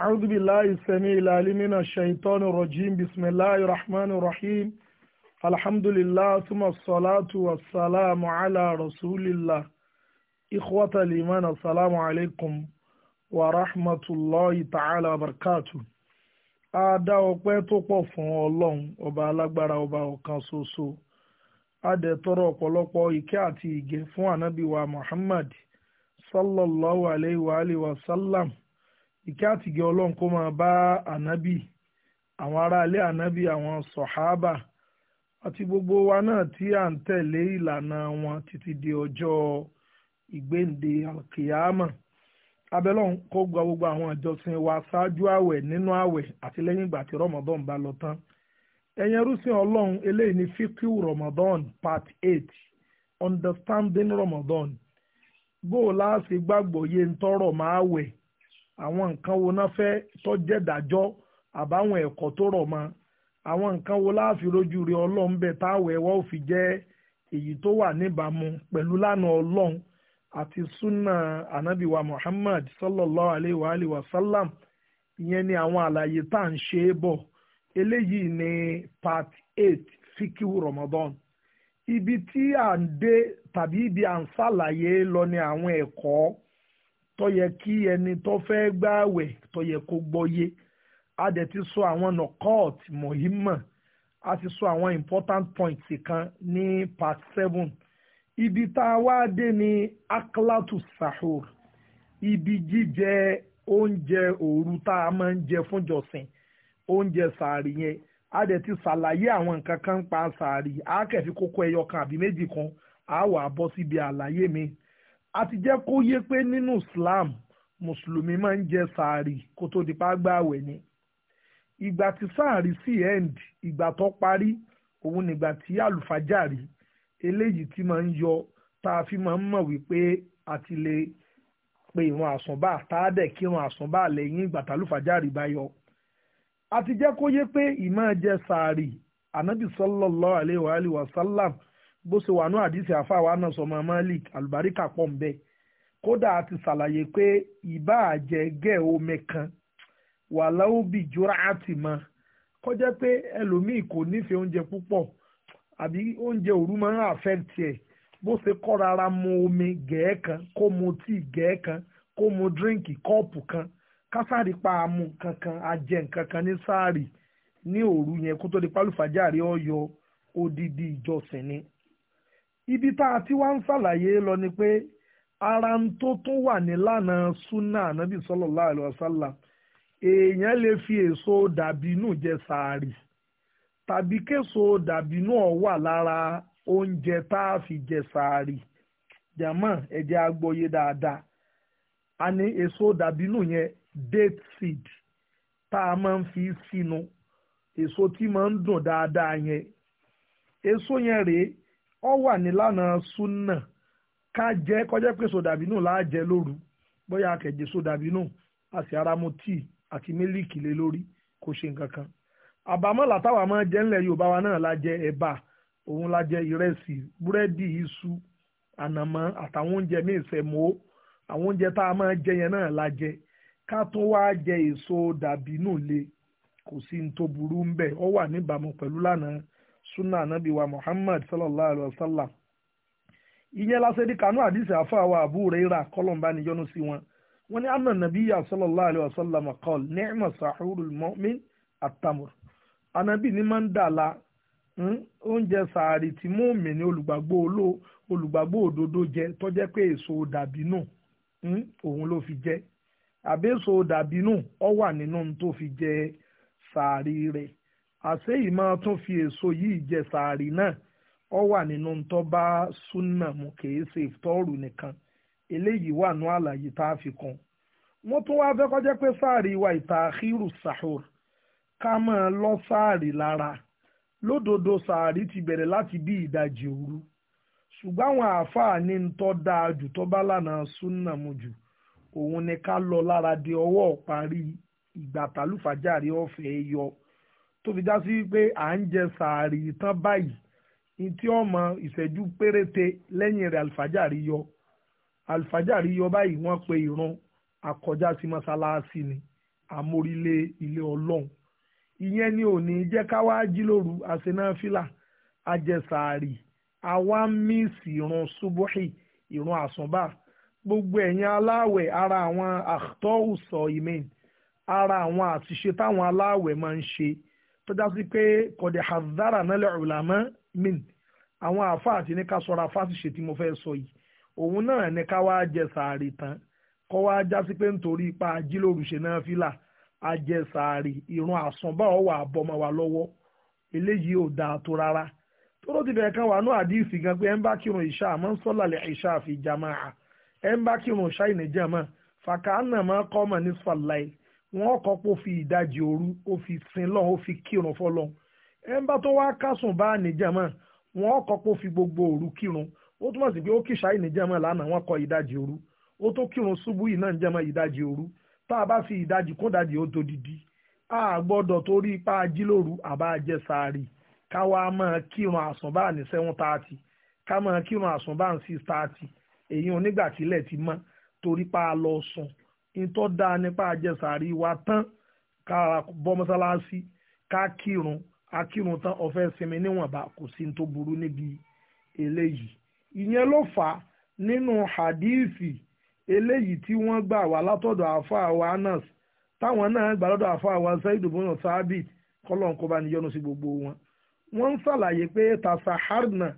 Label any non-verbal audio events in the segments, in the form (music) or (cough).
أعوذ بالله السميع العليم من الشيطان الرجيم بسم الله الرحمن الرحيم الحمد لله ثم الصلاة والسلام على رسول الله إخوة الإيمان السلام عليكم ورحمة الله تعالى وبركاته a dá ọpẹ́ tó pọ̀ fún ọlọ́run ọba alágbára ọba ọ̀kan ṣoṣo a dẹ̀ tọrọ ọ̀pọ̀lọpọ̀ ìkẹ́ àti ìgẹ́ fún ànábì Muhammad sallallahu alayhi wa sallam ike ìkẹ́ àtìgẹ́ ọlọ́run kó máa bá ànábì àwọn aráalé ànábì àwọn sọ̀háábà àti gbogbo wa náà tí à ń tẹ̀lé ìlànà wọn títí di ọjọ́ ìgbéǹde alkiyama abẹ́lọ́run kó gba gbogbo àwọn ìjọsìn wa ṣáájú àwẹ̀ nínú àwẹ̀ àti lẹ́yìn ìgbà tí rọmọdọ́n bá lọ tán ẹ̀yẹn rúsìn ọlọ́run eléyìí ní fíkíù rọmọdọ́n part eight understanding rọmọdọ́n bó o láàṣì gbàgbọ́ yé ń tọrọ máa wẹ̀ àwọn nǹkan wo náà fẹ́ tọ́jẹ́ dájọ́ àbáwọn ẹ̀kọ́ tó rọ̀ mọ́ àwọn nǹkan wo láàfin rojú rí ọlọ́run bẹ́ẹ̀ táwọn ò fi jẹ́ èyí tó wà níbàámu pẹ̀lú lánà ọlọ́run àti muhammad sallallahu alayhi wa alayhi ni àwọn àlàyé tá à ń ṣe é bọ̀ eléyìí ni ramadan ibi tí à ń dé ibi à ń ṣàlàyé lọ ni àwọn tó yẹ kí ẹni tó fẹ́ gbààwẹ̀ tó yẹ kó gbọ́yé a dẹ̀ ti sọ àwọn nọkọ́ọ̀t mọ̀hímọ̀ a ti sọ àwọn important points kan ní part seven ibi tá a wá dé ní aklatu sahur ibi jíjẹ oúnjẹ òru tá a máa ń jẹ fúnjọsìn oúnjẹ sàárì yẹn a dẹ̀ ti ṣàlàyé àwọn nǹkan kan pa sàárì a kẹ̀fí kókó ẹyọ kan àbí méjì kan a wà bọ́ síbi àlàyé mi a ti jẹ́ kó yé pé nínú Islam mùsùlùmí máa ń jẹ sàárì kó tó di pàgbà ni ìgbà tí sàárì sí end ìgbà tó parí òun nígbà tí àlùfájàrí eléyìí tí máa ń yọ tá a fi máa ń mọ̀ wípé a ti lè pe ìrun àsùnbà tá a dẹ̀ kírun àsùnbà lẹ́yìn ìgbà tálùfájàrí bá yọ a ti jẹ́ kó yé pé ìmáa jẹ sàárì ànábì sallallahu alaihi wa sallam bó ṣe wà ní àdìsí àfàwà náà sọmọ malik alùbáríkà pọ̀ ń bẹ kódà a ti ṣàlàyé pé ìbá àjẹ gẹ̀ omi kan wà láwùbí jura àti mọ́ kọjá pé ẹlòmíì kò nífẹ̀ẹ́ oúnjẹ púpọ̀ àbí oúnjẹ òru máa ń affect ẹ̀ bó ṣe kọ́ rárá mu omi gẹ̀ẹ́ kan kó mu tíì gẹ̀ẹ́ kan kó mu díríǹkì kọ́ọ̀pù kan kásáàrí pa àmú kankan ajẹ nkankan ní sáàrì ní òru yẹn kó tó di pálùfàjà rí ọyọ odidi ìjọsìn ni ibi tá a ti wá ń ṣàlàyé lọ ni pé ara ń tó tún wà nílànà súnà ànábì sọlọ alaihi wasallam èèyàn lè fi èso dàbínú jẹ sàárì tàbí késo dàbínú ọ wà lára oúnjẹ tá a fi jẹ sàárì jàmọ́ ẹ̀jẹ̀ agbóye dáadáa a ní èso dàbínú yẹn date seed tá a máa ń fi sínú èso tí máa ń dùn dáadáa yẹn èso yẹn rèé ọ wà nílànà súnà ká jẹ kọjá pé sódàbí nù láàjẹ lóru bóyá akẹjẹ sódàbí nù àti aramu tíì àti mílíìkì lé lórí kò ṣe nǹkan kan àbámọ́ làtàwà máa jẹ́ ńlẹ̀ yorùbá wa náà la jẹ ẹ̀bà òun la jẹ ìrẹsì búrẹ́dì iṣu ànàmọ́ àtàwọn oúnjẹ míì sẹ̀mó àwọn oúnjẹ tá a máa jẹ yẹn náà la ká tó wá jẹ èso dàbí nù le kò sí ní tó burú ń bẹ̀ ọ wà níbàámu pẹ̀lú lánàá sunna anabi wa muhammad sallallahu alaihi wa sallam ìyẹn lásán di kanú àdìsí àfa wa àbú rẹ́ra kọ́lọ̀mbá níjọ́nù sí wọn wọn ni anna sallallahu alaihi wa sallam qal ni'ma sahurul mu'min at-tamr anabi ni máa dala dàla hmm, oúnjẹ sàárì tí mọ́ọ̀mì ni olùgbàgbọ́ oló olùgbàgbọ́ je jẹ tó jẹ́ pé èso dàbínù hmm, òun ló fi fi àṣé yìí máa tún fi èso yìí jẹ sàárì náà ó wà nínú tó bá súnà nikan kìí ṣe ìtọ́rù nìkan eléyìí wà àlàyé tá fi wa ìtàkìrù sahur ká máa lọ sáàrí lára lódodo sáàrí ti bẹ̀rẹ̀ láti bí ìdajì òru ṣùgbọ́n àwọn àáfàá ní dáa jù bá ni ká lọ lára di ọwọ́ parí ìgbà ọ̀fẹ́ yọ tó fi já sí wípé à ń jẹ sàárì tán báyìí ní tí ọmọ ìṣẹ́jú péréte lẹ́yìn rẹ̀ àlùfájàrí yọ àlùfájàrí yọ báyìí wọ́n pe ìrun àkọjá sí mọ́sálásí ni àmórílé ilé ọlọ́run ìyẹn ni ò ní jẹ́ ká wá jí àṣenáfílà àjẹsàárì àwa míìsì ìrun subuhi ìrun àsùnbà gbogbo ẹ̀yin aláwẹ̀ ara àwọn àtọ́wùsọ ìmẹ̀ ara àwọn àṣìṣe táwọn aláwẹ̀ máa ń ṣe tó já sí pé kọ̀dẹ̀ hazara nálẹ̀ ọ̀làmọ́ min àwọn àáfàá àti ní ká sọra fásitì tí mo fẹ́ sọ yìí òun náà ní ká wá jẹ sàárì tán kọ́ wá já sí pé nítorí ipa ajílòrùṣe náà fìlà ajẹ sàárì ìrun àsùnbà ọ̀wà àbọ̀mọ̀ wa lọ́wọ́ eléyìí ò dáa tó rárá tóró ti bẹ̀rẹ̀ kan wà ní àdìsí gan pé ẹ ń bá kírun ìṣá àmọ́ ń sọ́làlẹ̀ ìṣá àfi jàmáà ẹ ń bá kírun ìṣá ìnìjàmọ́ fàkàánà máa kọ́ mọ̀ ní sọ́láì wọ́n kọ́ pé ó fi ìdajì òru ó fi sin lọ́hùn ó fi kírun fọlọ́ ẹnbá tó wá kásùn bá nìjàmọ́ wọ́n kọ́ pé ó fi gbogbo òru kírun ó túmọ̀ sí pé ó kìṣà ìnìjàmọ́ lánàá wọ́n kọ́ ìdajì òru ó tó kírun ṣubú yìí náà nìjàmọ́ ìdajì òru tá a bá fi ìdajì kún ìdajì ó tó didi a gbọ́dọ̀ torí ipá ajílòru àbá jẹ sáárì ká wá máa kírun àsùn bá ní seven thirty ká máa kírun àsùn bá ní six thirty èyí onígbàtílẹ̀ ti mọ́ torí lọ sùn ìtọ́ dáa nípa àjẹsàrí wa tán ká bọ́ mọ́sálásí ká kírun akírun tán ọ̀fẹ́ sinmi níwọ̀nba kò sí ní tó burú níbi eléyìí ìyẹn ló fà á nínú hadithi eléyìí tí wọ́n gbà wá látọ̀dọ̀ àáfàá wa Anas táwọn náà gbà lọ́dọ̀ àáfàá wa Said ibn Sabit kọ́lọ́n kó bá níyọnu sí gbogbo wọn wọ́n ń ṣàlàyé pé tasaharna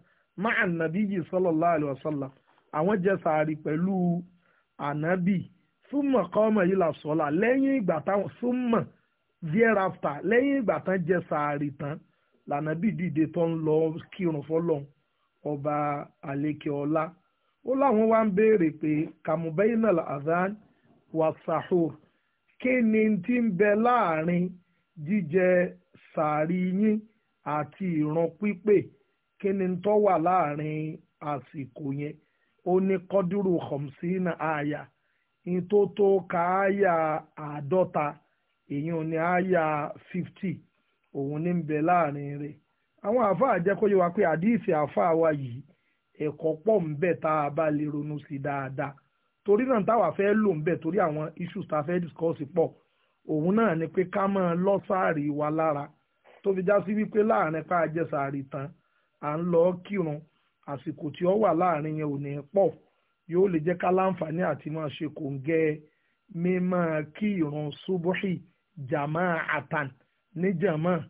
ma'an nabiyyi sallallahu alayhi wa sallam àwọn jẹ sàárì pẹ̀lú ànábì súnmọ̀ kọ́mọ̀ yìí là sọ́la lẹ́yìn ìgbà táwọn súnmọ̀ thereafter lẹ́yìn ìgbà tán jẹ sàárì tán lànà bí dìde tó ń lọ kírun fọlọ́n ọba àlekè ọlá ó láwọn wá ń béèrè pé kàmùbẹ́yìnàl azan wa sahur kí ni ti ń bẹ láàrin jíjẹ sàárì yín àti ìran pípé kí ni tó wà láàrin àsìkò yẹn ó ní kọ́dúrú khamsina àyà ìtò tó ka àyà àádọ́ta èyàn ní àyà fifty òun ní ń bẹ láàrin rẹ̀ àwọn àáfàá jẹ́ kó yẹ wa pé àdíìsì àáfàá wa yìí ẹ̀kọ́ pọ̀ ń bẹ tá a bá lè ronú sí dáadáa torí náà táwa fẹ́ lò ń bẹ torí àwọn issues tá a fẹ́ discuss òun náà ni pé ká máa lọ sáàrì wa lára tó fi já sí wípé láàrin pa àjẹsàárì tán à ń lọ kírun àsìkò tí ó wà láàrin yẹn ò ní yóò lè jẹ́ ká láǹfààní àti máa ṣe kòǹgẹ́ mímọ́ kí ìrun subuhi jamaa atan ní jamaa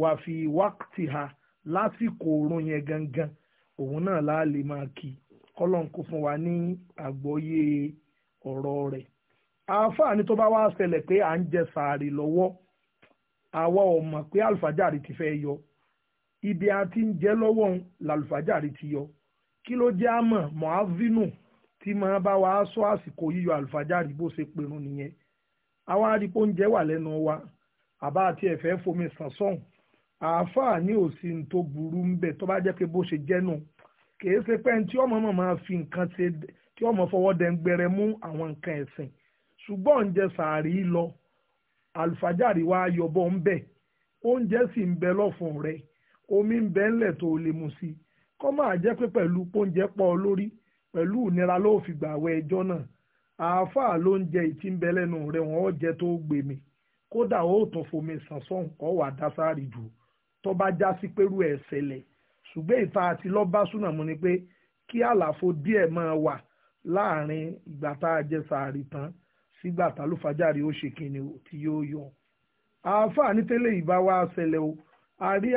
wàfi wákìtì ha lásìkò oorun yẹn gangan òun náà la lè máa kí kọ́lọ́n kó fún wa ní àgbọ́yé ọ̀rọ̀ rẹ̀ àǹfààní tó bá wá ṣẹlẹ̀ pé à ń jẹ sàárì lọ́wọ́ àwa ò mọ̀ pé àlùfájàrí ti fẹ́ yọ ibi àti ń jẹ lọ́wọ́ làlùfájàrí ti yọ kí ló jẹ́ àmọ̀ mọ́àvínù tí máa bá wa sọ àsìkò yíyọ àlùfájàrí bó ṣe pẹ̀rùn nìyẹn àwa arípo oúnjẹ wà lẹ́nu wa àbá àti ẹ̀fẹ́ fomi sàn sọ̀hún àáfàá ní òsì tó burú ń bẹ̀ tó bá jẹ́ pé bó ṣe jẹ́ nù kìí ṣe pé tí ọmọ mọ̀ máa fi nǹkan ṣe tí ọmọ fọwọ́ dẹ́ngbẹ̀rẹ̀ mú àwọn nǹkan ẹ̀sìn ṣùgbọ́n oúnjẹ sàárì lọ àlùfájàrí wa yọbọ ń bẹ̀ oúnjẹ sì ń bẹ lọ́fun rẹ̀ omi ń bẹ tó lè mu sí kọ́ máa jẹ́ pé pẹ̀lú oúnjẹ pọ̀ lórí pẹ̀lú ìnira ló fi gbà àwẹ̀ ẹjọ́ náà àáfàá ló ń jẹ ìtí ń bẹ lẹ́nu rẹ̀ wọ́n jẹ tó gbè kódà ó tún fomi sànsán kọ́ wà dásáàrì jù tó bá já sí pẹ̀lú ẹ̀ ṣẹlẹ̀ ìta àti lọ́ba súnà mu ni pé kí àlàfo díẹ̀ máa wà láàrin ìgbà tá a jẹ sàárì tán sígbà tá ló se ó ṣe kíni tí yóò yọ àáfàá wa ṣẹlẹ̀ o a rí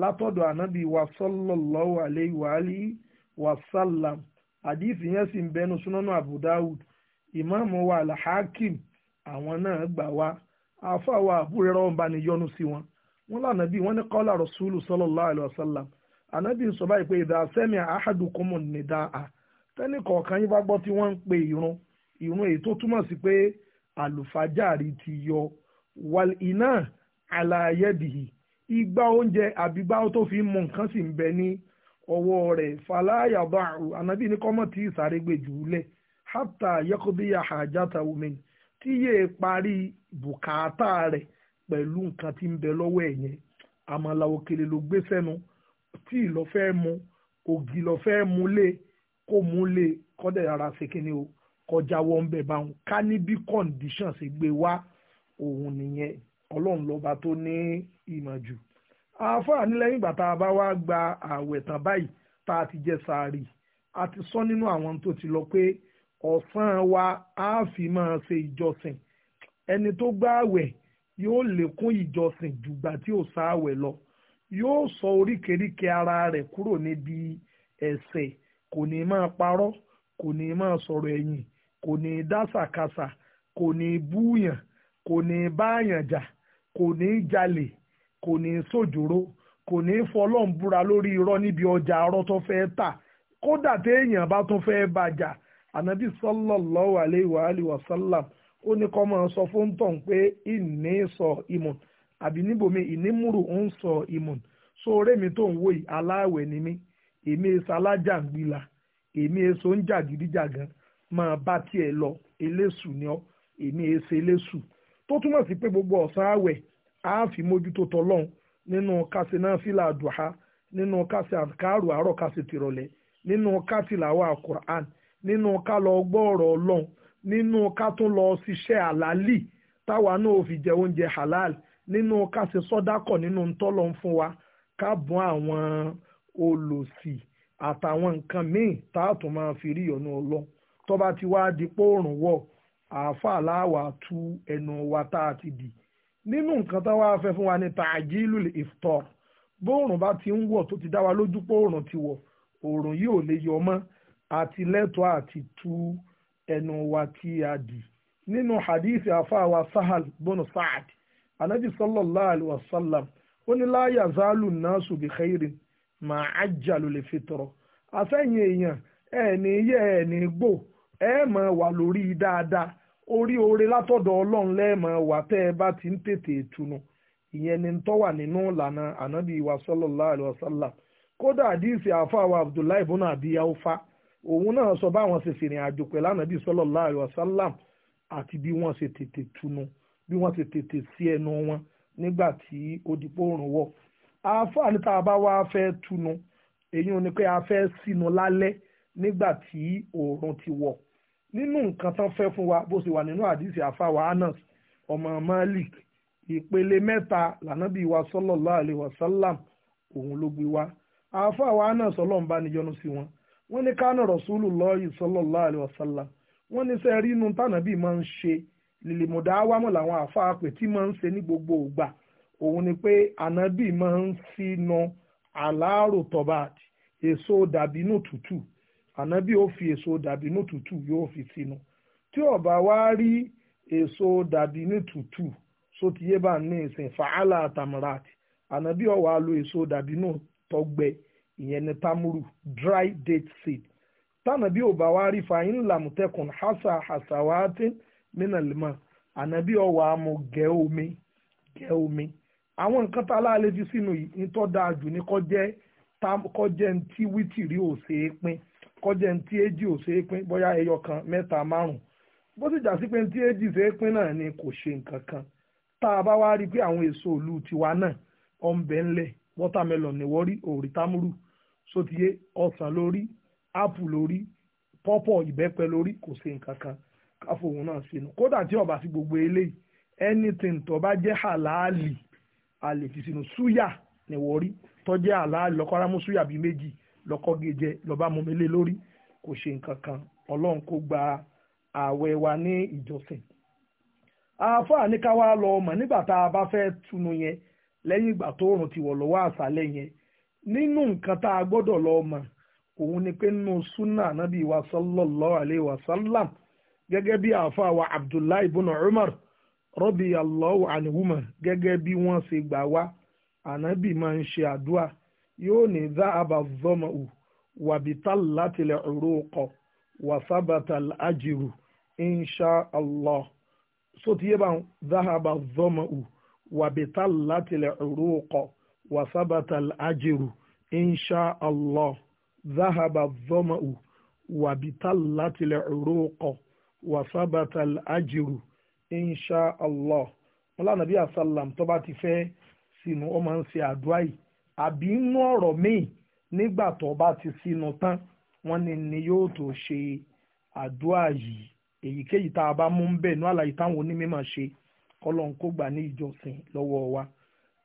látọ̀dọ̀ ànábì wa àlẹ́ ìwà alẹ́ wasalam àdìsí yẹn sì ń bẹnu súnánú Abu Dawud ìmáàmù wa alhakim àwọn náà gbà wá àfàwà àbúrẹ́ rọ́ọ̀ bá ní yọnu sí wọn wọn lànà bí wọn ní kọ́lá rasulu sallallahu alayhi wa sallam ànábì ń sọ báyìí pé ìdá sẹ́mi àhádùkúmù nìdáa tẹ́nì kọọkan yín bá gbọ́ tí wọ́n ń pe ìrun ìrun èyí tó túmọ̀ sí pé àlùfájàrí ti yọ wàl iná àlàyédìí igbá oúnjẹ àbígbá tó fi mọ nǹkan sì ń bẹ ní ọwọ́ rẹ̀ fàlàyà báàrù ànábì ní kọ́mọ̀ tí ìsàrè gbé jù ú lẹ̀ hátà yẹ́kọ́bíyà àjàtà omi tí yéé e parí bùkátà rẹ̀ pẹ̀lú nǹkan tí ń bẹ lọ́wọ́ ẹ̀ yẹn àmàlà òkèlè ló gbé sẹ́nu tí lọ fẹ́ mu ògì lọ fẹ́ mu lé kó mu lé kọ́dẹ̀ ara ṣe o kọjá wọn bẹ̀ bá wọn ká ní bí condition ṣe gbé wá òun nìyẹn ọlọ́run lọ́ba tó ní ìmọ̀ jù àáfàá ní lẹ́yìn ìgbà tá a bá wá gba ààwẹ̀ tán báyìí tá a ti jẹ sàárì a ti sọ nínú àwọn tó ti lọ pé ọ̀sán wa á fi máa ṣe ìjọsìn ẹni tó gba ààwẹ̀ yóò lékún ìjọsìn jùgbà tí ò sáàwẹ̀ lọ yóò sọ oríkèéríkèé ara rẹ̀ kúrò níbi ẹ̀ṣẹ̀ kò ní máa parọ́ kò ní máa sọ̀rọ̀ ẹ̀yìn kò ní dásàkásà kò ní búyàn kò ní báyàn jà kò ní jalè kò ní sòjòrò kò ní fọlọ́n búra lórí irọ́ níbi ọjà arọ́ tó fẹ́ tà kódà téèyàn bá tún fẹ́ bàjà ànábì sallallahu alayhi wa alihi wa sallam ó ní kọ́ máa sọ fún tọ̀hún pé ìní sọ ìmùn àbí níbòmí ìnímùrù ń sọ ìmùn sóore mi tó ń wò yìí aláàwẹ̀ ni mí èmi èso e alájàngbìlà èmi èso e ń jàgídíjàgan máa bá tiẹ̀ lọ eléṣù ni ọ́ èmi èso e eléṣù tó túmọ̀ sí pé gbogbo ọ̀sán àwẹ̀ a fi mójútó tọlọ́n nínú kásì náà fìlà àdùhà nínú kásì àkàrò àárọ̀ kásì tìrọ̀lẹ́ nínú kásì làwọn àkùrán nínú ká lọ gbọ́ ọ̀rọ̀ ọlọ́run nínú ká tún lọ ṣiṣẹ́ àlálì táwa náà fi jẹ oúnjẹ halal nínú ká ṣe sọ́dákọ̀ nínú ntọ́lọ́ fún wa ká bùn àwọn olòṣì àtàwọn nǹkan míì tá a tún máa fi rí ọ̀nà ọlọ́run tó bá ti wá di pòórùn wọ̀ àáfàá láwàá tú ẹnu wa tá a ti dì nínú nǹkan tó wáá fẹ́ fún wa ní tàjílù iftar bóòrùn bá ti ń wọ̀ tó ti dá wa lójú pé òòrùn ti wọ̀ òòrùn yìí ò lè yọ mọ́ àti lẹ́tọ̀ọ́ àti tú ẹnu wa tí a dì nínú hadithi afáwa sahal bonu saad anabi sallallahu alayhi wa sallam ó ní la yazalu nasu bi khairin ma ajjalu li fitra àsẹ́yìn èèyàn ẹ̀ ní yẹ ẹ̀ ní gbò ẹ̀ máa wà lórí dáadáa orí oore látọ̀dọ̀ ọlọ́run lẹ́ẹ̀mọ wà tẹ́ ẹ bá ti ń tètè ìtùnú ìyẹn ni tó wà nínú ìlànà ànábì wa sallallahu alaihi kódà àdìsí àfa wa abdullahi ibn abi awfa òun náà sọ báwọn ṣe fìrìn àjò pẹ̀lú ànábì sallallahu alaihi wasallam àti bí wọ́n ṣe tètè túnú bí wọ́n ṣe tètè sí ẹnu wọn nígbà tí ó di pòrùn wọ̀ àfa ní tá a bá wá fẹ́ túnú èyí ò ní pé a fẹ́ sínú lálẹ́ nígbà tí oòrùn ti wọ̀ nínú nǹkan tán fẹ́ fún wa bó ṣe wà nínú àdìsí àfàwà anas ọmọ malik ìpele mẹ́ta lànàbí wa sallallahu alaihi wasallam òun ló gbé wa àfàwà anas ọlọ́run bá níjọ́nu sí wọn wọ́n ní kánà rasulullahi sallallahu alaihi wasallam wọ́n ní sẹ́ rí inú tànàbí máa ń ṣe lìlìmọ̀dá wámọ̀ làwọn àfáà pè tí máa ń ṣe ní gbogbo ìgbà òun ni pé ànábì máa ń sínú aláàrò tọ́bàtì èso dàbínú tútù ànábì ó fi èso dàbínú tútù yóò fi sínú tí ó bá wá rí èso dàbínú tútù sótìyé bá ní ìsìn fàálà tamarat ànábì ó wá lo èso dàbínú tọgbẹ ìyẹn ní tamuru dry date seed tànàbí ò bá wá rí fàáyín làmùtẹkùn hasa hasawati minalima ànábì ó wá mu gẹ omi gẹ omi àwọn nǹkan tá a láàlẹ́ fi sínú ìtọ́ dáa jù ní kọjẹ́ ntí wítìrí ò ṣeé pín kọjá ntí tí éjì ò ṣe é pín bóyá ẹyọ kan mẹ́ta márùn bó sì jà sí pé ní tí éjì ṣe é pín náà ni kò ṣe nǹkan kan tá a bá wá rí i pé àwọn èso òlu tiwa náà ọ̀nbẹ ńlẹ̀ watermelon ni wọ́n rí òòrì támúrù sótìyé ọ̀sán lórí ápù lórí pọ́pọ̀ ìbẹ́pẹ lórí kò ṣe nǹkan kan káfòun náà ṣe nù kódà tí ó bá sí gbogbo eléyìí anything tó bá jẹ́ halali a lè fi súyà ni wọ́n rí tó jẹ́ halali lọ́kọ́rámú lọ́kọ́ gẹ́jẹ́ lọba mọ́mílé lórí kò ṣe nǹkan kan ọlọ́run kó gba ààwẹ̀ wa ní ìjọsìn. àáfàá ní ká wá lọ mọ̀ nígbà tá a bá fẹ́ tunu yẹn lẹ́yìn ìgbà tó rùn ti wọ̀ lọ́wọ́ àṣálẹ́ yẹn nínú nǹkan tá a gbọ́dọ̀ lọ mọ̀ òun ni pé nínú súnà anábì wa sallallahu alayhi wa sallam gẹ́gẹ́ bí àáfàá wa abdullahi ibn umar rọ́bì allahu anhuma gẹ́gẹ́ bí wọ́n ṣe gbà wá ànábì máa ń ṣe àdúrà yóò ní záàbà zọ́mọ̀ù wàbítà látìlẹ̀ òrókọ̀ wàsábàtà àjìrù insha allah sotiye bá záàbà zọ́mọ̀ù wàbítà látìlẹ̀ òrókọ̀ wàsábàtà àjìrù insha allah záàbà zọ́mọ̀ù wàbítà látìlẹ̀ òrókọ̀ wàsábàtà àjìrù insha allah wọn lànà bí asálàm tó bá ti fẹ́ sínú ọmọ ń àdúrà yìí àbí inú ọ̀rọ̀ míì nígbà tó bá ti sínú tán wọ́n ní ni yóò tó ṣe àdúrà yìí èyíkéyìí tá a bá mú ń bẹ̀ àlàyé táwọn onímọ̀ ṣe kọ́lọ́n kó gbà ní ìjọsìn lọ́wọ́ wa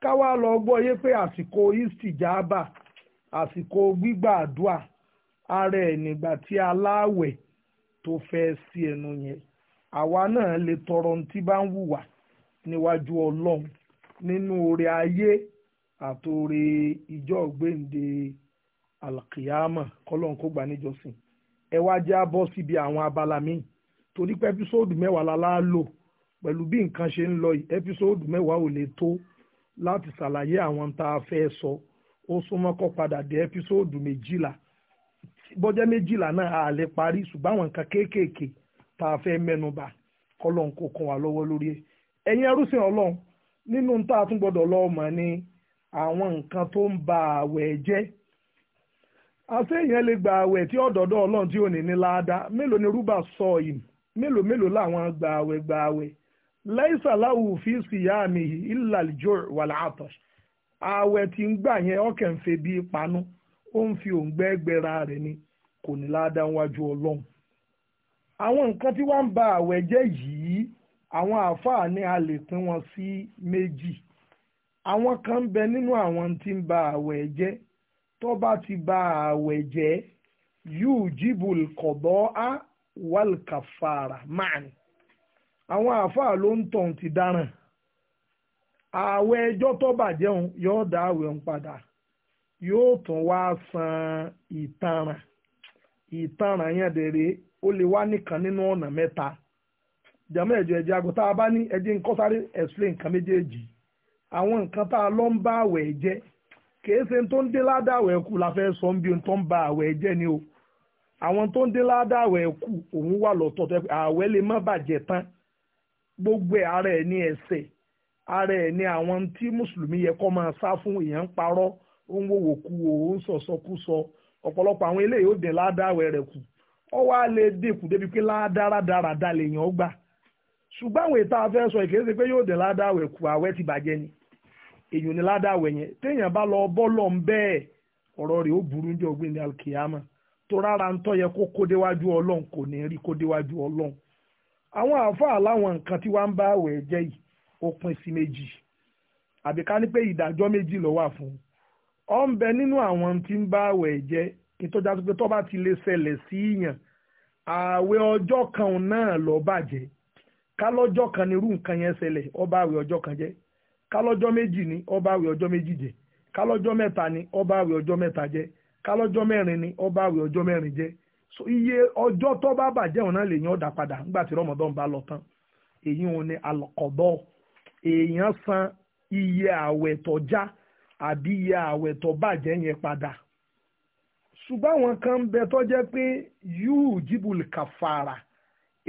ká wá lọ gbọ́ yé pé àsìkò istijaba àsìkò gbígbà àdúrà ara ẹ̀ nígbà tí aláàwẹ̀ tó fẹ́ sí ẹnu yẹn àwa náà lè tọrọ ohun tí bá ń wù níwájú ọlọ́run nínú oore ayé àtòrè ìjọ gbéǹde alkiyama kọlọ́n kó gbà níjọsìn ẹ wá jẹ́ á bọ́ síbi àwọn abala míì torí pé ẹ́písòdù mẹ́wàá la láàlò pẹ̀lú bí nǹkan ṣe ń lọ yìí ẹ́písòdù mẹ́wàá ò lè tó láti ṣàlàyé àwọn tá a fẹ́ sọ ó súnmọ́ kó padà dé ẹ́písòdù méjìlá bọ́jẹ́ méjìlá náà a lè parí ṣùgbọ́n àwọn nǹkan kéékèèké tá a fẹ́ mẹ́nuba kọlọ́n kó kàn wá lọ́wọ́ lórí ẹ̀yin ẹrúsìn ọlọ́run nínú tá a tún gbọ́dọ̀ lọ́ọ́ mọ̀ ni àwọn nǹkan tó ń ba àwẹ̀ jẹ́ afẹ́yìn lè gba àwẹ̀ tí ọ̀dọ̀dọ̀ ọlọ́run tí ò ní ní láada mélòó ni rúbà sọ yìí mélòó mélòó làwọn gba àwẹ̀ gba àwẹ̀ tí ń gbà yẹn ọkẹ́ ń fe bíi ó ń fi òǹgbẹ́ gbẹra rẹ̀ ni kò ní láada wájú ọlọ́run àwọn nǹkan tí wọ́n ń ba àwẹ̀ jẹ́ yìí àwọn àáfàá ni a lè pín wọn àwọn kan ń bẹ nínú àwọn tí ń ba àwẹ̀ jẹ́ tó bá ti ba àwẹ̀ jẹ́ yóò jíbùl kọ̀dọ̀ á wàlkàfàrà máàni àwọn àáfàá ló ń tàn ti dáràn àwẹ̀ ẹjọ́ tó bàjẹ́ òun yóò dá padà yóò tún wá san ìtanràn ìtanràn yẹn dèrè ó lè wá nìkan nínú ọ̀nà mẹ́ta jàmọ́ ẹ̀jọ̀ ẹ̀jẹ̀ àgùntàn abá nǹkan méjèèjì àwọn nǹkan tá a lọ ń bá àwẹ̀ jẹ́ kìí ṣe tó ń dé ládàwẹ̀ kù la fẹ́ sọ bí tó ń ba àwẹ̀ jẹ́ ni o àwọn tó ń dé ládàwẹ̀ kù òun wà lọ́tọ̀ tẹ́ àwẹ̀ lè má bàjẹ́ tán gbogbo ara ẹ̀ ní ẹ̀ṣẹ̀ ara ẹ̀ ní àwọn tí mùsùlùmí yẹ kó máa sá fún èèyàn parọ́ ó ń wòwò ku o ń sọ̀sọkúsọ ọ̀pọ̀lọpọ̀ àwọn eléyìí ó dín ládàwẹ̀ rẹ̀ kù ọ wá lè dínkù débi pé ládáradáradá lèèyàn gbà ṣùgbọ́n àwọn ètò afẹ́ sọ ìkéde pé yóò dín ládàwẹ̀ kù àwẹ̀ ti bàjẹ́ ni eyonilada ní ládàáwẹ̀ yẹn téèyàn bá lọ bọ́lọ̀ ń bẹ́ẹ̀ ọ̀rọ̀ rẹ̀ ó burú ní ọgbìn alkiyama tó rárá ń tọ́ yẹ kó kó déwájú ọlọ́run kò ní rí kó déwájú ọlọ́run àwọn àáfàá láwọn nǹkan tí wọ́n ń bá àwẹ̀ jẹ́ yìí ó fún un ọ ń bẹ nínú àwọn tí ń bá jẹ́ kí tó jásí pé tó bá ti kan náà lọ bàjẹ́ ká lọ́jọ́ kan nǹkan yẹn ṣẹlẹ̀ bá kan jẹ́ kálọ́jọ́ méjì ni ó ọjọ́ méjì jẹ kálọ́jọ́ mẹ́ta ni ó bá àwẹ̀ ọjọ́ mẹ́ta jẹ kálọ́jọ́ mẹ́rin ni ó bá àwẹ̀ ọjọ́ mẹ́rin jẹ so iye ọjọ́ tó bá bàjẹ́ òun náà lèyàn ọ̀dà padà nígbà tí rọmọdọ́n bá lọ tán èyí òun ni alọ́kọ̀dọ́ èèyàn san iye àwẹ̀ àbí iye àwẹ̀ tó bàjẹ́ yẹn ṣùgbọ́n àwọn kan bẹ tó jẹ́ pé yóò kàfàrà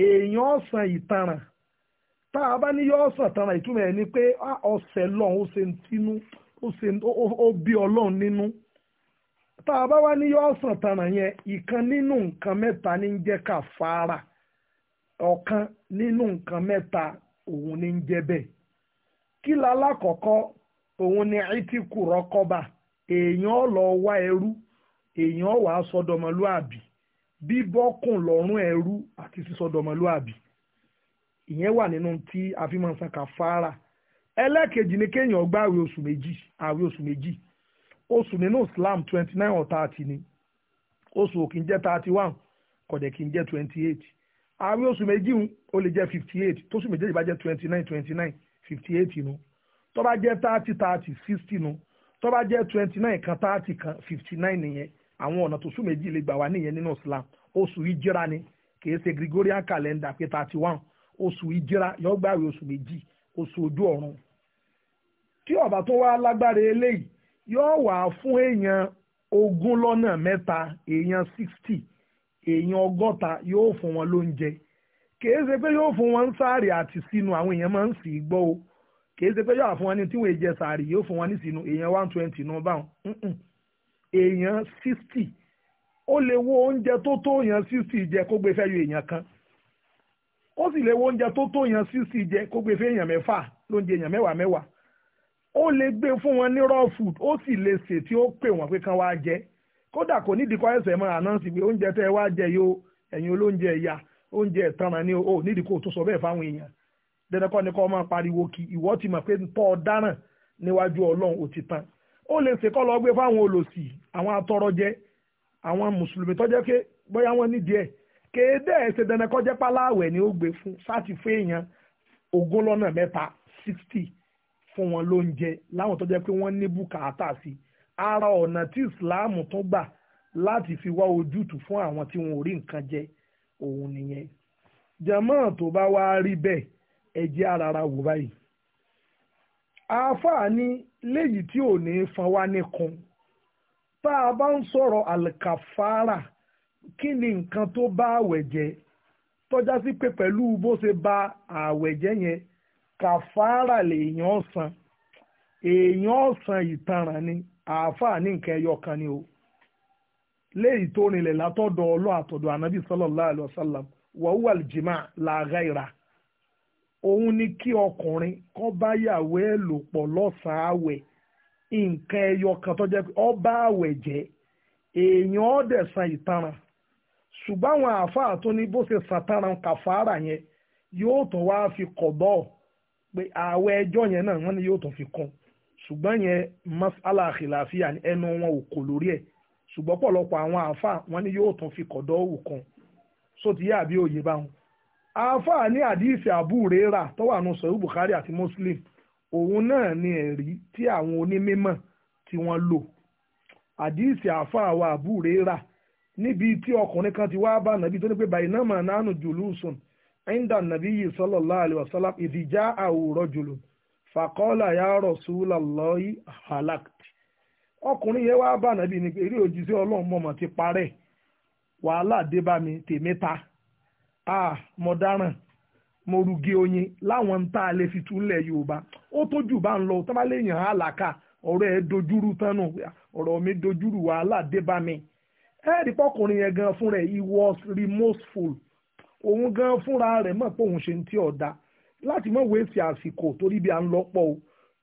èèyàn tá a bá ní yọ ọ̀sán tán ìtumọ̀ ẹ̀ ni pé ọ̀sẹ̀ lọ́hùn ó ṣe ń tinú ó bí ọlọ́run nínú tá a bá wá ní yọ ọ̀sán tán yẹn ìkan nínú nǹkan mẹ́ta ní ń jẹ́ kàfàrà ọ̀kan nínú nǹkan mẹ́ta òun ní ń jẹ́ bẹ́ẹ̀ kí lalákọ̀ọ́kọ́ òun ni àìtíkù rọ́kọ́bà èèyàn lọ wá ẹrú èèyàn wàá sọdọmọlúàbí bíbọ́kùn lọ́rùn ẹrú àti sísọdọmọlúàbí ìyẹn wà nínú tí a fi máa ń san kàfàrà ẹlẹ́ẹ̀kejì ni kéèyàn ó gba oṣù méjì àwẹ̀ oṣù méjì oṣù nínú Islam twenty nine or thirty ni oṣù ò jẹ́ thirty one kò dẹ̀ kì í jẹ́ twenty eight àwẹ̀ oṣù méjì ó lè jẹ́ fifty eight tóṣù méjèèjì bá jẹ́ twenty nine twenty nine fifty eight nu tó jẹ́ thirty thirty sixty nu tó jẹ́ twenty nine kan thirty kan fifty nine nìyẹn àwọn ọ̀nà tóṣù méjì lè gbà wá nìyẹn nínú Islam oṣù ìjìra ni kì í ṣe Gregorian calendar pé thirty one oṣù ìjìra yóò gbààwẹ̀ oṣù méjì oṣù ojú ọ̀run tí ọba tó wá lágbára eléyìí yóò wà fún èèyàn ogún lọ́nà mẹ́ta èèyàn sixty èèyàn ọgọ́ta yóò fún wọn lóúnjẹ kìí ṣe pé yóò fún wọn ń sáàrì àti sínú àwọn èèyàn máa ń sì í gbọ́ o kìí ṣe pé yóò fún wọn ní tíwọ̀n èjẹ sáàrì yóò fún wọn ní sínú èèyàn one twenty náà báwọn èèyàn sixty ó lè wo oúnjẹ tó tó èèyàn sixty jẹ kó gbé fẹ́ yọ èèyàn kan ó sì lè wo oúnjẹ tó tó èèyàn sísì jẹ kó gbé fún èèyàn mẹ́fà lóúnjẹ èèyàn mẹ́wàá mẹ́wàá ó lè gbé fún wọn ní raw food ó sì lè sè tí ó pè wọ́n pé kán wá jẹ kódà kò nídìí kó ẹsẹ̀ mọ́ ànáǹsì pé oúnjẹ tẹ́ wá jẹ yóò ẹ̀yin olóúnjẹ ẹ̀yà oúnjẹ ìtanràn ni ó nídìí kó tó sọ bẹ́ẹ̀ fáwọn èèyàn dẹ́dẹ́kọ́ ni kó máa pariwo kí ìwọ ti mọ̀ pé tọ́ ọ dáràn níwájú ọlọ́run ò ti tán ó lè ṣe kọ́ lọ gbé fáwọn olòṣì àwọn atọrọjẹ àwọn mùsùlùmí tọ́jẹ́ pé bóyá wọ́n nídìí kéde ẹ̀sẹ̀ dandan kọjá paláwẹ̀ ni ó gbé fún sáti fún èèyàn ogún lọ́nà mẹ́ta sixty fún wọn lóúnjẹ láwọn tó jẹ́ pé wọ́n ní bùkátà sí ara ọ̀nà tí ìsìláàmù tó gbà láti fi wá ojútùú fún àwọn tí wọn ò rí nǹkan jẹ òun nìyẹn jàmáà tó bá wá rí bẹ́ẹ̀ ẹ arara wò báyìí àáfàá ní léyìí tí ò ní fan wá ní kun tá a bá ń sọ̀rọ̀ àlùkàfàrà kí ni nǹkan tó bá àwẹ̀ jẹ́ tọ́já sí pé pẹ̀lú bó ṣe ba àwẹ̀ jẹ́ yẹn kàfàrà lèèyàn ọ̀sán èèyàn ọ̀sán ìtanràn ni àáfàá ní nǹkan ẹyọ kan ni o léyìí tó rinlẹ̀ látọ̀dọ̀ ọlọ́ àtọ̀dọ̀ ànábì sallallahu alaihi wasallam wàhùwà jìmá la òun ni kí ọkùnrin kó bá yàwó ẹ̀ lò pọ̀ lọ́sàn-án àwẹ̀ nǹkan ẹyọ kan tó jẹ́ àwẹ̀ jẹ́ èèyàn ṣùgbọ́n àwọn àáfàá tó ní bó ṣe sàtàràn kàfàrà yẹn yóò tún wá fi kọ̀bọ̀ pé ààwẹ̀ ẹjọ́ yẹn náà wọ́n ní yóò tún fi kún ṣùgbọ́n yẹn mas'ala khilafiyya ni ẹnu wọn ò kò lórí ẹ̀ ṣùgbọ́n pọ̀lọpọ̀ àwọn àáfàá wọ́n ní yóò tún fi kọ̀dọ̀ òwò kan só ti yá àbí òye báwọn. àáfàá ní àdìsí Abu Huraira tó wà nù sọ̀rọ̀ Bukhari àti Muslim òun náà ni ẹ̀rí tí àwọn onímọ̀ tí wọ́n lò àdìsí àáfàá wa Abu Huraira níbi tí ọkùnrin kan ti wá bá nàbí tó ní pé báyìí náà mà nánú jùlùsùn ẹ̀ńdà nàbí yìí sallallahu alaihi wasallam ìdìjà àwòrán jùlù fàkọ́là ya rasulallahi halakt ọkùnrin yẹn wá bá nàbí eré ọlọ́run mọ̀mọ́ ti parẹ́ wàhálà a mo dáràn mo rugi oyin láwọn ń lè fi túlẹ̀ yorùbá ó tójú bá ń lọ ẹ̀ẹ́dì pọ́kùnrin yẹn gan fúnra ẹ̀ he was remorseful òun gan fúnra rẹ̀ mọ̀ pé òun ṣe ń tí ọ̀dà láti mọ̀ wé sí àsìkò torí bí a ń lọ́pọ̀ o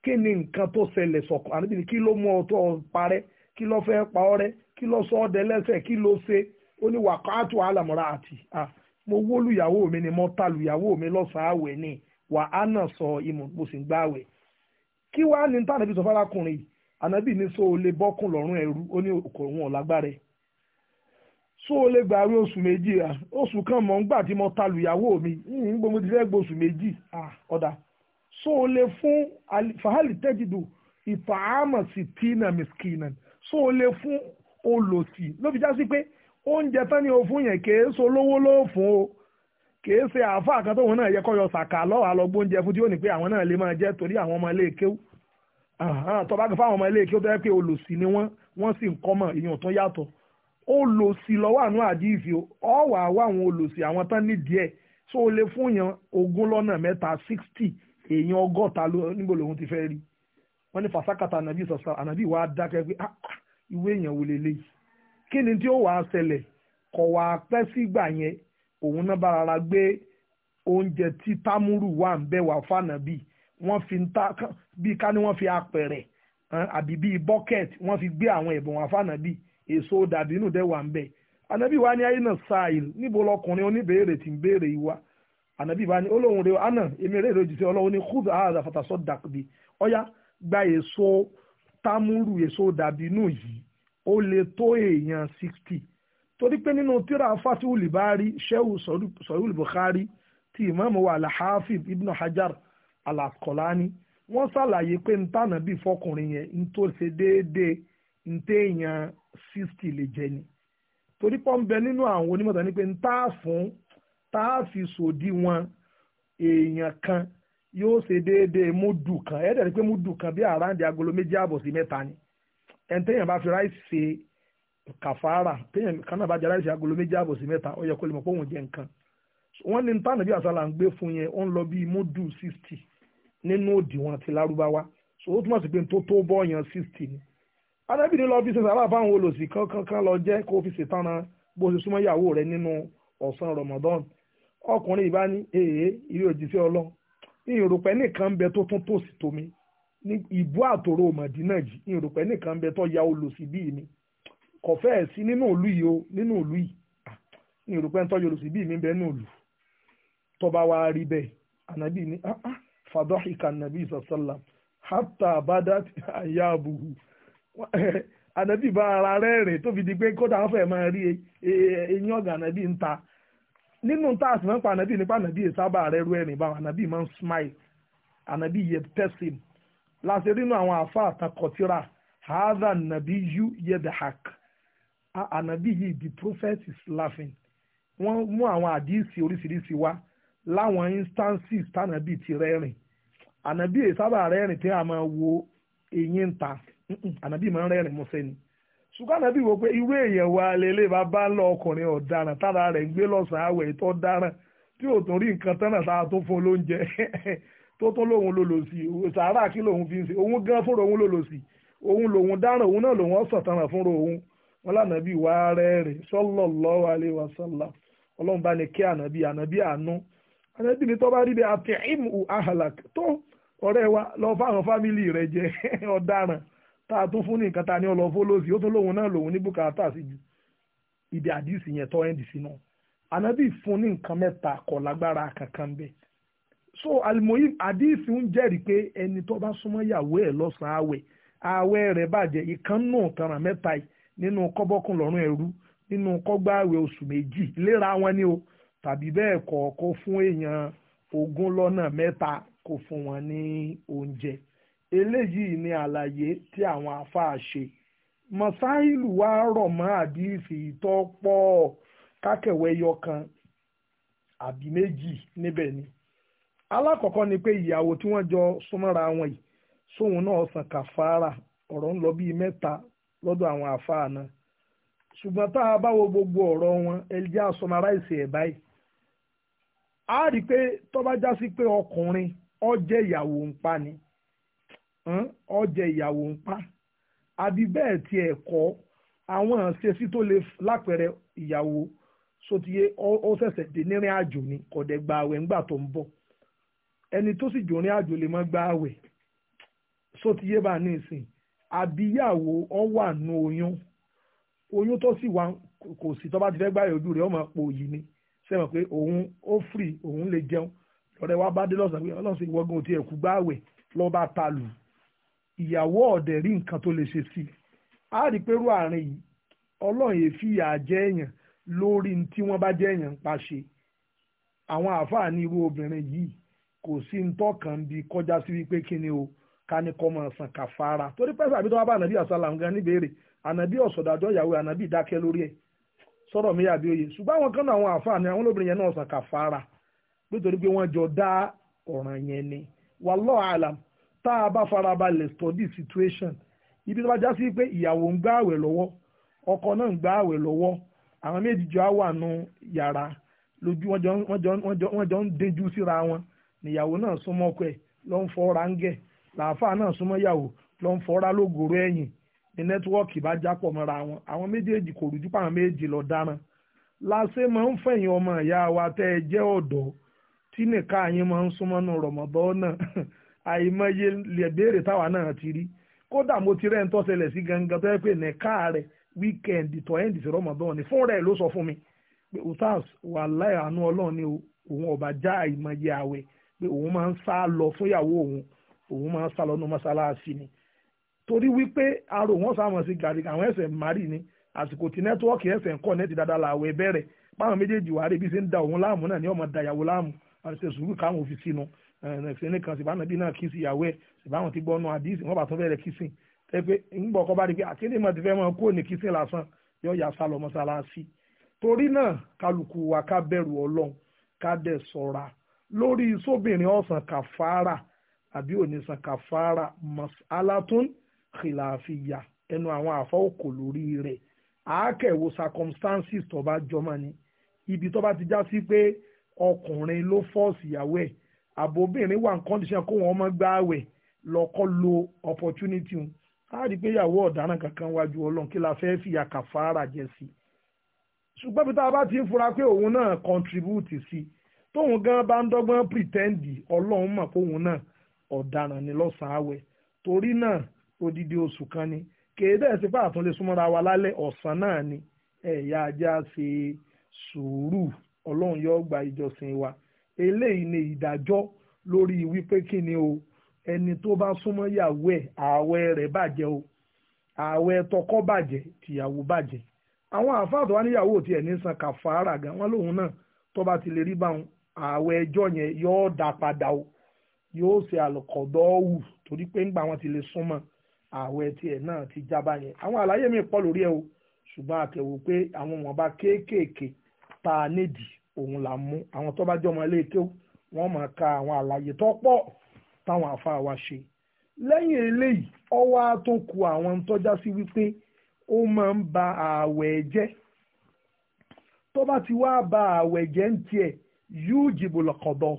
kí ni nǹkan tó ṣẹlẹ̀ sọ̀kan àníbi ni kí ló mú ọ tó parẹ́ kí ló fẹ́ pa ọ́rẹ́ kí ló sọ ọ́dẹ lẹ́sẹ̀ kí ló ṣe ó ní wàkàtú àlàmọ́ra àti à mo wó lùyàwó mi ni mo ta lùyàwó mi lọ́sàn-án àwẹ̀ ni wà á nà sọ ìmọ̀ mo sì ń gbá àwẹ̀ kí wàá ní tànàbí sọ fárákùnrin yìí ànábì ní so olè bọ́kùn lọ́rùn ẹ̀rú ó ní òkò òun ọ̀lágbára ẹ̀ so o lè gbàwé oṣù méjì rà oṣù kan mọ̀ ń gbà tí mo ta lùyàwó mi yìnyín gbogbo ti fẹ́ meji méjì ọ̀dà so o fún fàhálì tẹ́jìdò ìfàhámọ̀ sí tìǹà mìskìnà so o fún olòṣì ló fi já sí pé oúnjẹ tán ni o fún yẹn so lówó ló fún o kèé ṣe àáfàá kan tóun náà yẹ kọ́ yọ sàkà lọ́wọ́ fún tí ó ní pé àwọn náà lè máa jẹ́ torí àwọn ọmọ ilé tọ́ba fáwọn ọmọ olòṣì lọ́wọ́ àánú àdìsí ọ̀wà àwọn àwọn olòṣì àwọn tán ní díẹ̀ so o lè fún yàn ogún lọ́nà mẹ́ta sixty èèyàn ọgọ́ta níbo lòun ti fẹ́ rí wọ́n ní fàṣákàtà ànàbí sọ̀sọ̀ ànàbí wàá dákẹ́ pé ìwé ah, ah, èèyàn wò lélẹ̀ kí ni tí ó wàá ṣẹlẹ̀ kọ̀ wàá pẹ́ sígbà yẹn òun náà bára ra gbé oúnjẹ tí támúrù wà ń bẹ̀ wá fànàbí wọ́n fi ń ta bí ká ní wọ́n fi apẹ̀rẹ̀ àbí bíi bucket wọ́n fi gbé àwọn ẹ̀bùn wá fànàbí èso dàbínú dẹ̀ wà ń bẹ̀ ànábì wa ní ayéna sáàyìn níbo lọkùnrin oníbèrè ti ń béèrè ìwà ànábì wa ní olóhùn rẹ àná èmi rẹ rẹ jùlọ ọlọ́wọ́ ní khud ahadà fatasọ́ dàkbi ọ̀yá gba èso támúrù èso dàbínú yìí ó lè tó èèyàn sixty torí pé nínú tíra fatiwul ibari sheu sọ̀rọ̀ bukhari ti imaamu wa alhafid ibn hajar alakolani wọ́n ṣàlàyé pé ntànà bíi fọkùnrin yẹn ń tó ṣe déédéé ń sixty lè jẹ ni torí pọ́ ń bẹ nínú àwọn onímọ̀tà ni pé ń tá a fún tá a fi sòdí wọn èèyàn kan yóò ṣe déédéé múdù kan ẹ̀ẹ́dẹ̀ ni pé múdù kan bí àràǹdì agolo méjì àbọ̀ sí mẹ́ta ni ẹni téèyàn bá fi ráìsì ṣe kàfàrà téèyàn kan náà bá jẹ ráìsì agolo méjì àbọ̀ sí mẹ́ta ó yẹ lè mọ̀ pé òun jẹ nǹkan wọ́n ní tánà bí àsálà ń gbé fún yẹn ó ń lọ bíi múdù sixty nínú òdiwọ̀n àti lárúbáwá so ó túmọ̀ sí pé tó bọ́ọ̀yàn sixty ni anabini lọ fi ṣe sàrà fáwọn olòṣì kankan lọ jẹ́ kó fi ṣètànà bó ṣe súnmọ́ ìyàwó rẹ̀ nínú ọ̀sán Ramadan ọkùnrin ìbá ní èèyàn ilé òjíṣẹ́ ọlọ́ ìrùpẹ́ nìkan ń bẹ tó tún tòsí tómi ní ìbú àtòrò jì mi kò fẹ́ẹ̀ sí nínú ìlú yìí o nínú ìlú yìí ah, ìrùpẹ́ ń tọ́jú bíi mi bẹ́ẹ̀ nù ìlú tó bá wá rí bẹ́ẹ̀ ànábì ní ah, ah, (laughs) ànábì bá ara rẹ́rìn tó fi di pé kódà wọ́n fẹ́ẹ́ máa rí e, e, eyín ọ̀gá ànábì ń ta nínú tá a sì máa ń pa ànábì nípa ànábì sábà rẹ̀ rú ẹ̀rìn báwọn ànábì máa ń smile ànábì yẹ tẹ́sìm láti rínú àwọn àfa àtàkọ̀tìrà haza ànábì yú yẹ the hack ànábì yìí the prophet is laughing wọ́n mú àwọn àdíìsì oríṣiríṣi wá láwọn instances tànàbì ti rẹ́rìn ànábì sábà rẹ́rìn tí a máa wo eyín ń ta anabi máa ń rẹ́rìn músẹ́ ni ṣùgbọ́n ànàbí wò pé irú èèyàn wa lélẹ́ bá bá ń lọ ọkùnrin ọ̀daràn tára rẹ̀ ń gbé lọ́sàn dara àwẹ̀ tó dáràn tí ò tún rí nǹkan tán náà sáà tó fún olóúnjẹ (laughs) tó tún lòun lò lò sí sàárà kí lòun fi ń ṣe òun gan fúnra òun lò lò sí òun lòun dáràn òun náà lòun ọ̀sán tán wa rẹ́rìn sallallahu alaihi wasallam bá ní kí àánú ni tó bá (laughs) tá tún fún ní nǹkan ta ni ọlọ́ o ó tún lóun náà lòun ní bùkátà sí ju ibi àdìsí yẹn tọ́ ẹ́ndì sí náà fun fún ní nǹkan mẹ́ta kankan bẹ́ẹ̀ so alimoyi àdìsí ń jẹ́rìí pé ẹni tó bá súnmọ́ ìyàwó ẹ̀ lọ́sàn-án àwẹ̀ àwẹ̀ rẹ̀ bàjẹ́ mẹ́ta yìí nínú kọ́bọ́kùn lọ́rùn ẹ̀rú nínú oṣù méjì léra wọn ni o tàbí bẹ́ẹ̀ fún èèyàn ogún eléyìí ni àlàyé tí àwọn àfáà ṣe mọ̀sáìlù wa rọ̀ mọ́ àdìsí tó pọ̀ kákẹ̀wẹ́yọ kan àbí méjì níbẹ̀ ni alákọ̀ọ́kọ́ ni pé ìyàwó tí wọ́n jọ súnmọ́ra wọn yìí sóun náà san kàfàrà ọrọ ń lọ bíi mẹ́ta lọ́dọ̀ àwọn àfáà náà ṣùgbọ́n tá a bá wo gbogbo ọrọ wọn ẹlẹ́jà sọmaráìsì ẹ̀ báyìí a rí i pé tó sí pé ọkùnrin ó jẹ́ ìyàwó ń pa ni. ọjẹ ìyàwó ń pa àbí bẹ́ẹ̀ tiẹ̀ kọ́ àwọn àṣesí tó lè lápẹẹrẹ ìyàwó sotiye ó ṣẹ̀ṣẹ̀ dé nírìn àjò ni kò dẹ̀ gba àwẹ̀ ńgbà tó ń bọ̀ ẹni tó sì jòrìn àjò lè má gba àwẹ̀ sotiye bá ní ìsìn àbíyàwó ọ wà nù oyún oyún tó sì wà kò sí tó bá ti fẹ́ gbáyé ojú rẹ̀ ọmọ pò yìí ni sẹ́wọ̀n pé òun ó fìrì òun lè jẹun lọ́rẹ́ wa bá dé lọ́sàn-án pé ọlọ́sìn ìwọ́gun ò tiẹ̀ kú gbáwẹ̀ lọ́ba ta ìyàwó ọ̀dẹ̀ rí nǹkan tó lè ṣe sí i á rí i pé irú àárín yìí ọlọ́run yìí fi ìyà jẹ èèyàn lórí tí wọ́n bá jẹ èèyàn ń pa ṣe àwọn àáfàá ní irú obìnrin yìí kò sí tọ́kàn bí kọjá sí wípé kí o ká ní kọ́ mọ̀ kàfàrà torí pẹ́sà àbí tó wá bá ànàbí gan níbèrè ànàbí ọ̀sọ̀dájọ́ ìyàwó ànàbí ìdákẹ́ lórí ẹ̀ sọ̀rọ̀ mi oyè ṣùgbọ́n àwọn jọ dá ọ̀ràn yẹn ni àlàm tá a bá farabalẹ̀ study situation ibi tó bá já sí pé ìyàwó ń gbá lọ́wọ́ ọkọ náà ń gbá àwẹ̀ lọ́wọ́ àwọn na á wà nù yàrá lójú wọ́n jọ ń déjú síra wọn níyàwó náà súnmọ́ ọkọ ẹ̀ ló ń fọ́ra ń gẹ̀ làáfàá náà súnmọ́ ìyàwó ló ń ẹ̀yìn ní nẹ́tíwọ́ọ̀kì bá jápọ̀ mọ́ra wọn àwọn méjèèjì kò rújú wa tẹ́ ẹ jẹ́ ọ̀dọ́ tí nìka yín máa ń súnmọ́ nù (laughs) àìmọye lè béèrè táwa náà ti rí kódà mo ti rẹ́ ń tọ́sẹ̀lẹ̀ sí gangan tó yẹ pé nìka rẹ̀ wíkẹ́ndì tó ẹ́ndì sí rọ́mọdán ni fún rẹ̀ ló sọ fún mi pé utahs wà láì àánú ọlọ́run ni òun ọba já àìmọye àwẹ̀ pé òun máa ń sá lọ fúnyàwó òun òun máa ń sá lọ ní mọ́ṣáláṣí ni torí wípé arò wọn sá mọ̀ sí gàrí àwọn ẹsẹ̀ mari ni àsìkò tí nẹ́tíwọ́ọ̀kì ẹsẹ̀ ń kọ́ nẹ́ẹ̀tì dáadáa làwẹ̀ bẹ̀rẹ̀ páwọn méjèèjì wà rí bí ṣe ń da òun láàmú náà ní ọmọ dàyàwó láàmú àti sùúrù káwọn òfin sínú ẹnìkan kan ṣùgbọ́n ànábì náà kí sí ìyàwó ẹ̀ ṣùgbọ́n àwọn ti gbọ́ ọ́nà àdìsí wọ́n bá tún fẹ́rẹ̀ kí sí ẹ pé ńgbọ́ ọkọ bá rí pé àkéde mọ̀ ti fẹ́ mọ̀ kó ní kí sí lásán yóò yà sálọ mọ́sálásí torí náà kálukú wa ká bẹ̀rù ọlọ́run ká dẹ̀ sọ́ra lórí sóbìnrin ọ̀sán kàfàrà àbí onísàn kàfàrà alatún kìláfìyà ẹnu àwọn àfọ lórí rẹ̀ àákẹ́wò circumstances tó jọmọ ni ibi tó ti já sí pé ọkùnrin ló fọ́ọ̀sì ìyàwó ẹ̀ àbóbìnrin wà nǹkan ṣe kó wọn ọmọ gbá àwẹ̀ lọ́kọ́ lo opportunity wọn á rí i pé ìyàwó ọ̀daràn kankan wájú ọlọ́run kí la fẹ́ẹ́ fìyà kàfàrà jẹ sí i ṣùgbọ́n bí tá a bá ti ń fura pé òun náà contribute sí i tóun gan bá ń dọ́gbọ́n pretend ọlọ́run mọ̀ póun náà ọ̀daràn ni lọ́sàn-án àwẹ̀ torí náà odidi oṣù kan ni kéde ẹ̀sìn pé àtúnlé súnmọ́ra wa lálẹ́ ọ̀sán náà ni ẹ̀yà ajá ṣe sùúrù ọlọ́run yóò gba ìjọsìn wa eléyìí ni ìdájọ́ lórí wípé kí ni o ẹni tó bá súnmọ́ yàwó ẹ̀ ààwẹ̀ rẹ̀ bàjẹ́ o ààwẹ̀ tọkọ bàjẹ́ tìyàwó bàjẹ́ àwọn àáfàá tó wá níyàwó tiẹ̀ ní san kàfàárà gan wọn lòun náà tó bá ti lè rí báwọn ààwẹ̀ ẹjọ́ yẹn yóò dá padà o yóò ṣe àlùkọ̀dọ́wù torí pé ńgbà wọn ti lè súnmọ́ ààwẹ̀ tiẹ̀ náà ti jábá yẹn àwọn àlàyé mi pọ̀ lórí ẹ̀ o ṣùgbọ́n àtẹ̀wò pé àwọn wọ̀nba kéékèèké tá nídìí òun là ń mú àwọn tó bá jẹ́ ọmọ ilé kéw wọ́n máa ka àwọn àlàyé tó pọ̀ táwọn àfa wa ṣe lẹ́yìn eléyìí ọwọ́ tó ku àwọn tọ́já sí wípé ó máa ń ba ààwẹ̀ jẹ́ tó bá ti wá ba ààwẹ̀ jẹ́ ń tiẹ̀ yóò jìbò lọ́kọ̀dọ̀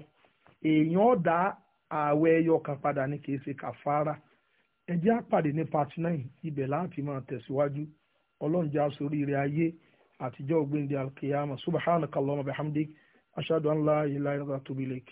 èèyàn dá ààwẹ̀ ẹyọ kan padà ní kìí kàfàrà ẹ jẹ́ ní part nine ibẹ̀ láti máa tẹ̀síwájú ọlọ́run jẹ́ á ṣoríire ayé àtijọ́ ògbéǹde alkiyama subhanakallahumma bihamdik ashadu an la ilaha illa anta astaghfiruka wa atubu